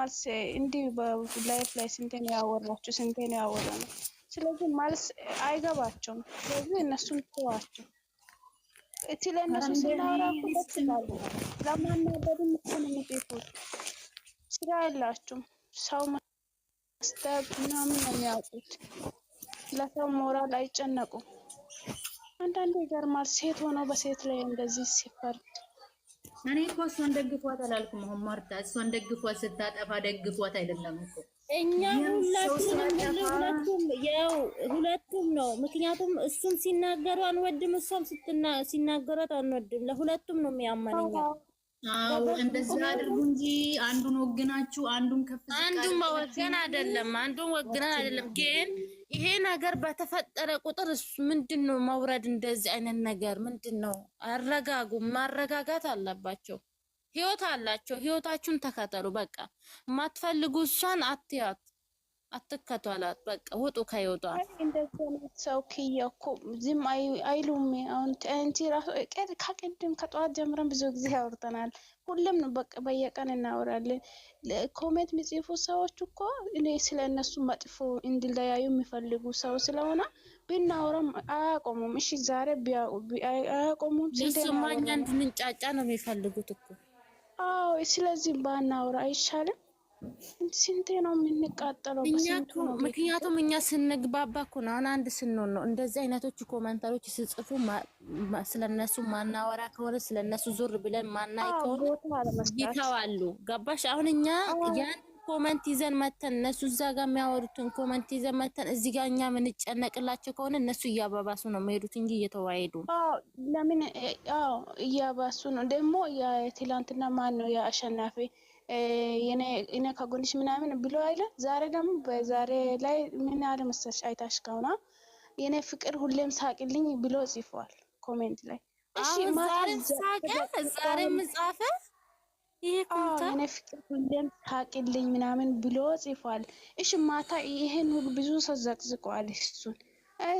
መልስ እንዲህ በላይፍ ላይ ስንቴ ነው ያወራችሁ? ስንቴ ነው ያወራ ነው። ስለዚህ መልስ አይገባቸውም። ስለዚህ እነሱን ተዋቸው። እቲ ለእነሱ ስናወራ ሁለት ላሉ ለማናበድም እኮን የሚጤፉት ስራ የላችሁም። ሰው መስጠት ምናምን ነው የሚያውቁት። ለሰው ሞራል አይጨነቁም። አንዳንዱ ይገርማል። ሴት ሆነው በሴት ላይ እንደዚህ ሲፈርድ እኔ እኮ እሷን ደግፏት አላልኩም። አሁን ማርታ እሷን ደግፏት ስታጠፋ ደግፏት አይደለም እኮ እኛ ሁላችንም ያው ሁለቱም ነው። ምክንያቱም እሱም ሲናገሩ አንወድም፣ እሷም ሲናገሯት አንወድም። ለሁለቱም ነው የሚያመነኛ። አዎ እንደዛ አድርጉ እንጂ አንዱን ወግናችሁ አንዱን ከፍ አንዱን መወገን አይደለም አንዱን ወግነን አይደለም ግን ይሄ ነገር በተፈጠረ ቁጥር ምንድን ነው መውረድ፣ እንደዚህ አይነት ነገር ምንድን ነው? አረጋጉ፣ ማረጋጋት አለባቸው። ህይወት አላቸው። ህይወታችሁን ተከተሉ። በቃ የማትፈልጉ እሷን አትያት። አትከቷላት በቃ ውጡ ከይወጧ ሰው ክየኩ ዝም አይሉም። አሁን እንጂ ራሱ ከቅድም ከጠዋት ጀምረን ብዙ ጊዜ ያወርተናል። ሁሉም ነው በቃ በየቀን እናወራለን። ኮሜንት የሚጽፉ ሰዎች እኮ እኔ ስለ እነሱ መጥፎ እንዲለያዩ የሚፈልጉ ሰው ስለሆነ ብናወራም አያቆሙም። እሺ ዛሬ አያቆሙም። ስማኛ እንድንጫጫ ነው የሚፈልጉት እኮ። አዎ ስለዚህ ባናወራ አይሻልም? ስንቴ ነው የምንቃጠለው? ምክንያቱም እኛ ስንግባባ እኮ ነው አሁን አንድ ስንሆን ነው እንደዚህ አይነቶች ኮመንተሮች ስጽፉ ስለነሱ ማናወራ ከሆነ ስለነሱ ዞር ብለን ማናይ ከሆነ ይተዋሉ። ገባሽ? አሁን እኛ ያን ኮመንት ይዘን መተን እነሱ እዛ ጋር የሚያወሩትን ኮመንት ይዘን መተን እዚህ ጋር እኛ የምንጨነቅላቸው ከሆነ እነሱ እያባባሱ ነው የሚሄዱት እንጂ እየተዋሄዱ ለምን እያባሱ ነው ደግሞ የትላንትና ማን ነው የአሸናፊ እኔ ከጎንሽ ምናምን ብሎ አይለ ዛሬ ደግሞ በዛሬ ላይ ምን አለ መሰለሽ አይታሽ ከሆነ የኔ ፍቅር ሁሌም ሳቅልኝ ብሎ ጽፏል ኮሜንት ላይ የኔ ፍቅር ሁሌም ሳቅልኝ ምናምን ብሎ ጽፏል። እሺ ማታ ይህን ሁሉ ብዙ ሰው ዘቅዝቀዋል። እሱን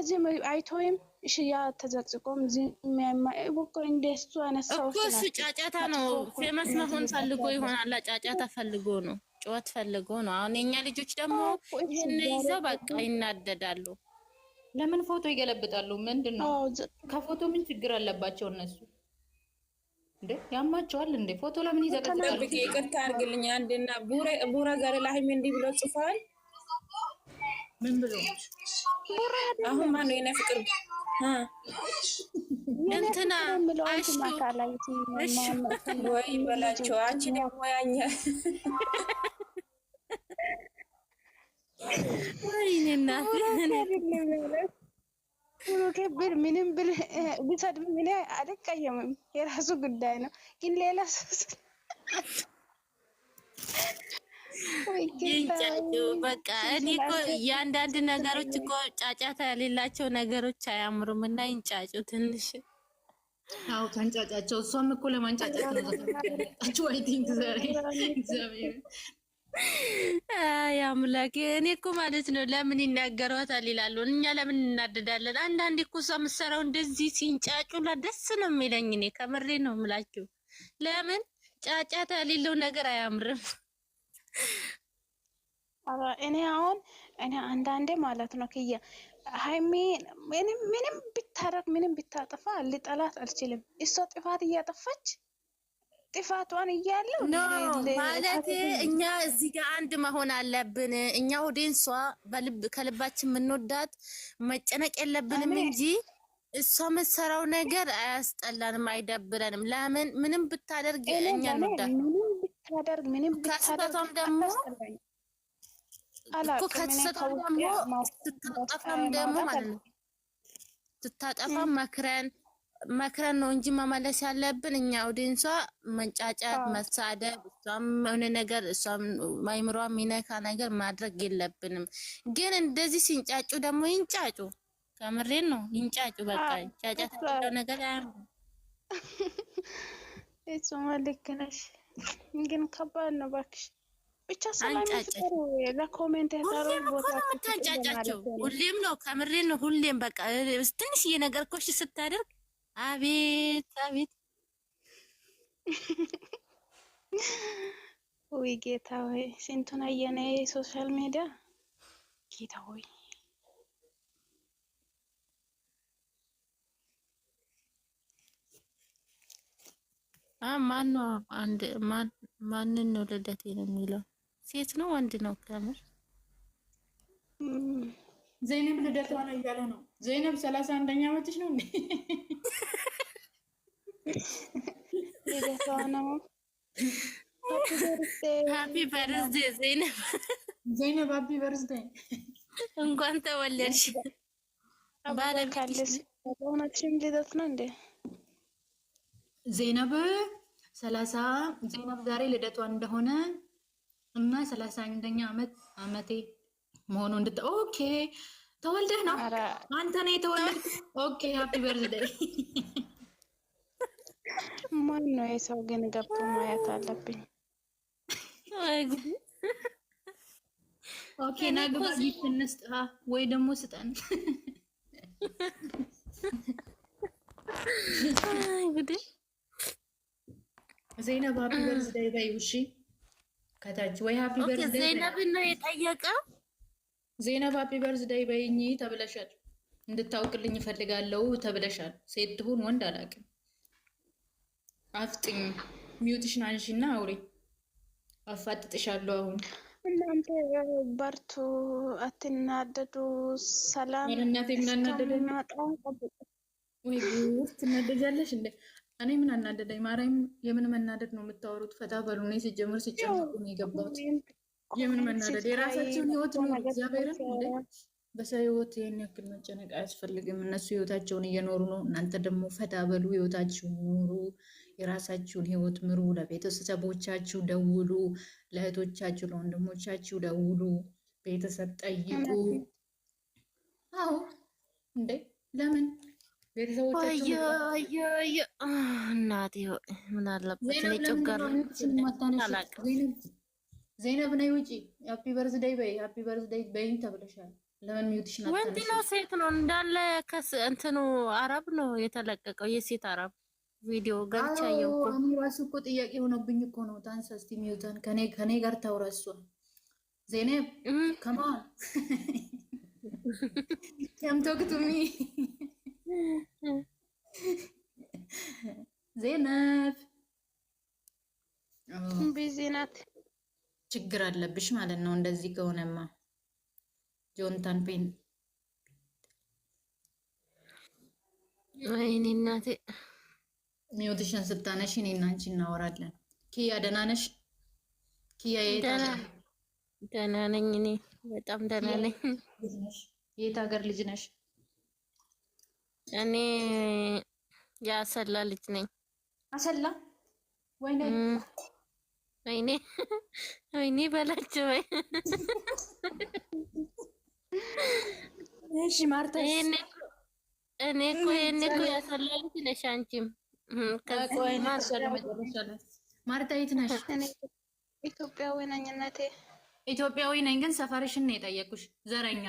እዚህ አይቶይም ሽያ ተዘቅዝቆም እኮ እንደሱ እሱ አይነት እኮ እሱ ጫጫታ ነው። ፌመስ መሆን ፈልጎ ይሆናላ። ጫጫታ ፈልጎ ነው፣ ጩኸት ፈልጎ ነው። አሁን የኛ ልጆች ደግሞ ይህን ይዘው በቃ ይናደዳሉ። ለምን ፎቶ ይገለብጣሉ? ምንድን ነው ከፎቶ ምን ችግር አለባቸው እነሱ? እንዴ ያማቸዋል እንዴ? ፎቶ ለምን ይዘቀዝቃሉ? ይቅርታ አድርግልኝ አንዴና ቡራ ዛሬ ላህሜ እንዲህ ብሎ ጽፏል። ምን ብሎ አሁን ማነው የኔ ፍቅር እንትና ወይ በላቸው። አንቺ ደግሞ ያኛ ወይኔ እናቴ ምንም ብር ምን አልቀየምም፣ የራሱ ጉዳይ ነው። ግን ሌላ በቃ እኔ እኮ የአንዳንድ ነገሮች እኮ ጫጫታ የሌላቸው ነገሮች አያምሩም። እና ይንጫጩ ትንሽ አዎ ከንጫጫቸው። እሷም እኮ ለማንጫጫት ነው አምላኬ። እኔ እኮ ማለት ነው ለምን ይናገሯታል ይላሉ፣ እኛ ለምን እናደዳለን? አንዳንዴ እኮ እሷ የምትሰራው እንደዚህ ሲንጫጩ ደስ ነው የሚለኝ። እኔ ከምሬ ነው የምላችሁ። ለምን ጫጫታ የሌለው ነገር አያምርም? እኔ አሁን እኔ አንዳንዴ ማለት ነው ክያ ሀይሜ ምንም ብታረግ ምንም ብታጠፋ ልጠላት አልችልም። እሷ ጥፋት እያጠፋች ጥፋቷን እያለው ኖ ማለት እኛ እዚህ ጋር አንድ መሆን አለብን። እኛ በልብ ከልባችን የምንወዳት መጨነቅ የለብንም እንጂ እሷ የምትሰራው ነገር አያስጠላንም፣ አይደብረንም። ለምን ምንም ብታደርግ እኛ እንወዳት ብታደርግ ምንም ብታደርግ ደግሞ ከተሰጠም ደግሞ ስታጠፋም ደግሞ ማለት ነው ስታጠፋም መክረን መክረን ነው እንጂ መመለስ ያለብን እኛ ኦዲንሷ መንጫጫት፣ መሳደብ እሷም የሆነ ነገር እሷም ማይምሯ የሚነካ ነገር ማድረግ የለብንም። ግን እንደዚህ ሲንጫጩ ደግሞ ይንጫጩ። ከምሬን ነው ይንጫጩ። በቃ ጫጫታ ነገር አያምሩ። እሱማ ልክ ነሽ። ግን ከባድ ነው እባክሽ። ብቻ ሰላም ለኮሜንት ሁሌም ነው ሁሌም ነው ከምሬ ነው። ሁሌም በቃ ትንሽዬ ነገር ኮሽ ስታደርግ አቤት አቤት፣ ወይ ጌታ ወይ ስንቱን አየነ ሶሻል ሚዲያ ጌታ ወይ ማነው ማንን ነው ልደቴ ነው የሚለው? ሴት ነው ወንድ ነው? ከምር ዘይነብ ልደቷ ነው እያለ ነው። ዘይነብ ሰላሳ አንደኛ ዓመትሽ ነው እንዴ? ልደቷ ነው። ሀፒ በርዝዴ ዘይነብ። ዘይነብ ሀፒ በርዝዴ እንኳን ተወለድሽ። ልደት ነው እንዴ? ዜነብ ሰላሳ ዜነብ ዛሬ ልደቷ እንደሆነ እና ሰላሳ አንደኛ ዓመት አመቴ መሆኑ እንድት ኦኬ ተወልደህ ነው አንተ ነው የተወለድ ኦኬ ሀፒ በርዝደይ ማን ነው የሰው ግን ገብቶ ማየት አለብኝ ኦኬ ናግባ ጊፍት እንስጥ ወይ ደግሞ ስጠን እንግዲህ ዜናብ ሀፒ በርዝደይ በይው። እሺ ከታች ወይ ሀፒ በርዝደይ ዜናብ ነው የጠየቀው። ዜናብ ሀፒ በርዝደይ በይኝ ተብለሻል። እንድታውቅልኝ እፈልጋለሁ ተብለሻል። ሴት ትሁን ወንድ አላውቅም። አፍጥኝ፣ ሚውትሽን አውሪ። አፋጥጥሻለሁ አሁን እናንተ በርቱ፣ አትናደዱ። ሰላም እናቴ ምናናደደ ወይ ትናደጃለሽ እንዴ? እኔ ምን አናደደኝ? ማርያም የምን መናደድ ነው የምታወሩት? ፈታ በሉ። እኔ ሲጀምር ሲጨምሩ ነው የገባሁት። የምን መናደድ የራሳቸውን ህይወት ነው። እግዚአብሔርን በሰው ህይወት ይህን ያክል መጨነቅ አያስፈልግም። እነሱ ህይወታቸውን እየኖሩ ነው። እናንተ ደግሞ ፈታ በሉ፣ ህይወታችሁን ኑሩ፣ የራሳችሁን ህይወት ምሩ። ለቤተሰቦቻችሁ ደውሉ፣ ለእህቶቻችሁ ለወንድሞቻችሁ ደውሉ፣ ቤተሰብ ጠይቁ። አዎ እንዴ ለምን ቤተሰቦቻቸውእናቴ ምን አለበት ዜነብ ነይ ውጪ ሀፒ በርዝደይ በይ ሀፒ በርዝደይ በይኝ ተብለሻል ለምን ሚዩትሽ ናት ወንድ ነው ሴት ነው እንዳለ ከስ እንትኑ አረብ ነው የተለቀቀው የሴት አረብ ቪዲዮ ገብቼ አየሁ እራሱ እኮ ጥያቄ ሆነብኝ እኮ ነው ታንስ እስቲ ሚዩተን ከኔ ከኔ ጋር ታውራ እሷ ዜነብ ከማን ከምቶክቱሚ ዜናብ ቢዜናት ችግር አለብሽ ማለት ነው። እንደዚህ ከሆነማ ጆንታን ፔን ወይኔ እናቴ ሚውትሽን ስታነሽ እኔና አንቺ እናወራለን። ኪያ ደህና ነሽ? ኪያ ደህና ነኝ። እኔ በጣም ደህና ነኝ። የት ሀገር ልጅ ነሽ? እኔ የአሰላ ልጅ ነኝ። አሰላ ወይኔ ወይኔ በላቸው። ወይ እሺ ማርታ፣ እኔ እኔ እኮ እኔ እኮ የአሰላ ልጅ ነሽ አንቺም። ማርታ የት ነሽ? ኢትዮጵያዊ ነኝ እናቴ። ኢትዮጵያዊ ነኝ ግን ሰፈርሽን ነው የጠየኩሽ። ዘረኛ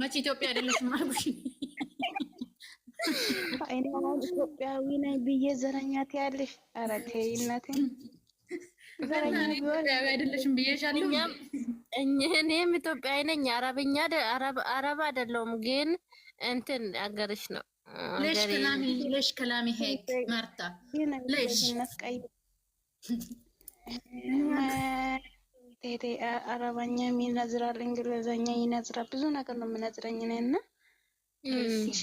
መች ኢትዮጵያ አይደለሽ ማርኩሽ እኔ አሁን ኢትዮጵያዊ ነኝ ብዬ ዘረኛት ያለሽ? ኧረ ተይ አይደለሽም ብዬሻለሁ። እኔም ኢትዮጵያዊ ነኝ። አረብኛ አረብ አይደለሁም ግን እንትን አገርሽ ነው። ሌሽ ከላሚ ሄክ ማርታ ሌሽ አረበኛ ይነዝራል፣ እንግሊዘኛ ይነዝራል፣ ብዙ ነገር ነው የምነዝረኝ እኔ እሺ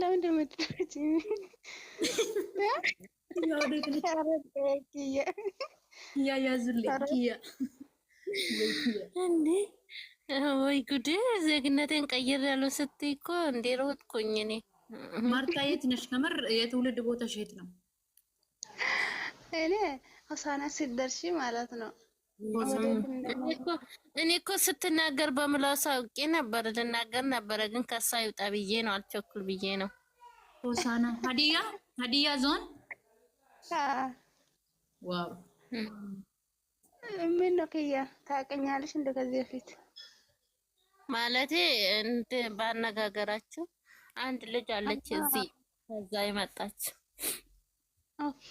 ለምን ወይ ጉዴ! ዜግነቴን ቀይሬያለሁ ስትይ እኮ እንዴ ሮጥኩኝ እኔ። ማርታ የት ነሽ? ከምር የትውልድ ቦታሽ የት ነው? እኔ ሆሳና ሲደርሺ ማለት ነው እኔ እኮ ስትናገር በምላሱ አውቄ ነበር ልናገር ነበረ፣ ግን ከሳ ይውጣ ብዬ ነው። አልቸኩል ብዬ ነው። ሆሳና ሀዲያ ሀዲያ ዞን ዋው ምን ነው ክያ ታውቀኛለሽ? እንደ ከዚህ በፊት ማለቴ እንደ ባነጋገራችሁ አንድ ልጅ አለች እዚህ ከዛ ይመጣች ኦኬ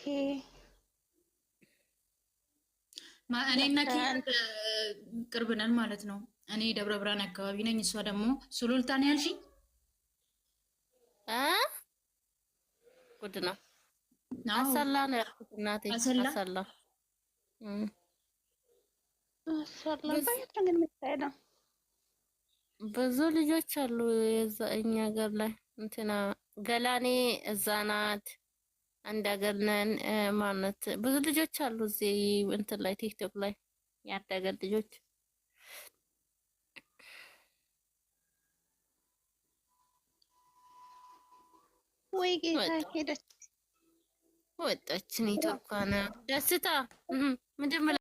እኔና ቅርብ ነን ማለት ነው። እኔ ደብረ ብርሃን አካባቢ ነኝ፣ እሷ ደግሞ ሱሉልታን ያልሽኝ ጉድ ነው። አሰላ ነው ያልኩት እናቴ። አሰላ ብዙ ልጆች አሉ የዛ እኛ ገር ላይ እንትና ገላኔ እዛ ናት። አንድ ሀገር ነን ማለት ብዙ ልጆች አሉ እዚህ እንትን ላይ ቲክቶክ ላይ የአንድ ሀገር ልጆች ወይ ጌታ ሄደች ወጣችን ኢትዮጵያ ደስታ ምንድን